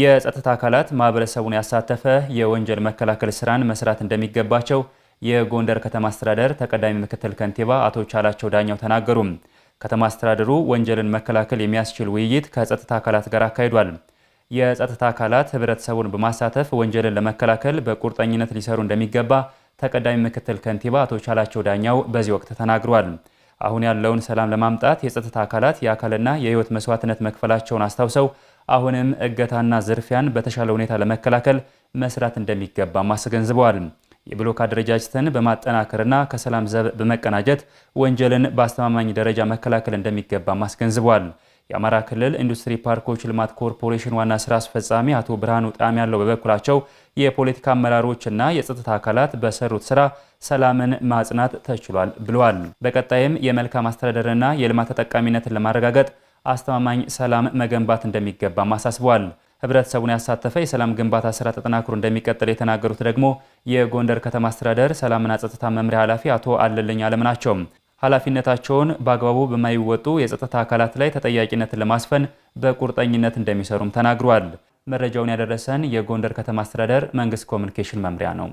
የጸጥታ አካላት ማህበረሰቡን ያሳተፈ የወንጀል መከላከል ስራን መስራት እንደሚገባቸው የጎንደር ከተማ አስተዳደር ተቀዳሚ ምክትል ከንቲባ አቶ ቻላቸው ዳኛው ተናገሩ። ከተማ አስተዳደሩ ወንጀልን መከላከል የሚያስችል ውይይት ከጸጥታ አካላት ጋር አካሂዷል። የጸጥታ አካላት ህብረተሰቡን በማሳተፍ ወንጀልን ለመከላከል በቁርጠኝነት ሊሰሩ እንደሚገባ ተቀዳሚ ምክትል ከንቲባ አቶ ቻላቸው ዳኛው በዚህ ወቅት ተናግሯል። አሁን ያለውን ሰላም ለማምጣት የጸጥታ አካላት የአካልና የህይወት መስዋዕትነት መክፈላቸውን አስታውሰው አሁንም እገታና ዝርፊያን በተሻለ ሁኔታ ለመከላከል መስራት እንደሚገባም አስገንዝበዋል። የብሎክ አደረጃጀትን በማጠናከርና ከሰላም ዘብ በመቀናጀት ወንጀልን በአስተማማኝ ደረጃ መከላከል እንደሚገባም አስገንዝበዋል። የአማራ ክልል ኢንዱስትሪ ፓርኮች ልማት ኮርፖሬሽን ዋና ስራ አስፈጻሚ አቶ ብርሃኑ ጣም ያለው በበኩላቸው የፖለቲካ አመራሮችና የጸጥታ አካላት በሰሩት ስራ ሰላምን ማጽናት ተችሏል ብለዋል። በቀጣይም የመልካም አስተዳደርና የልማት ተጠቃሚነትን ለማረጋገጥ አስተማማኝ ሰላም መገንባት እንደሚገባም አሳስበዋል። ህብረተሰቡን ያሳተፈ የሰላም ግንባታ ስራ ተጠናክሮ እንደሚቀጥል የተናገሩት ደግሞ የጎንደር ከተማ አስተዳደር ሰላምና ጸጥታ መምሪያ ኃላፊ አቶ አለልኝ አለም ናቸው። ኃላፊነታቸውን በአግባቡ በማይወጡ የጸጥታ አካላት ላይ ተጠያቂነትን ለማስፈን በቁርጠኝነት እንደሚሰሩም ተናግሯል። መረጃውን ያደረሰን የጎንደር ከተማ አስተዳደር መንግስት ኮሚኒኬሽን መምሪያ ነው።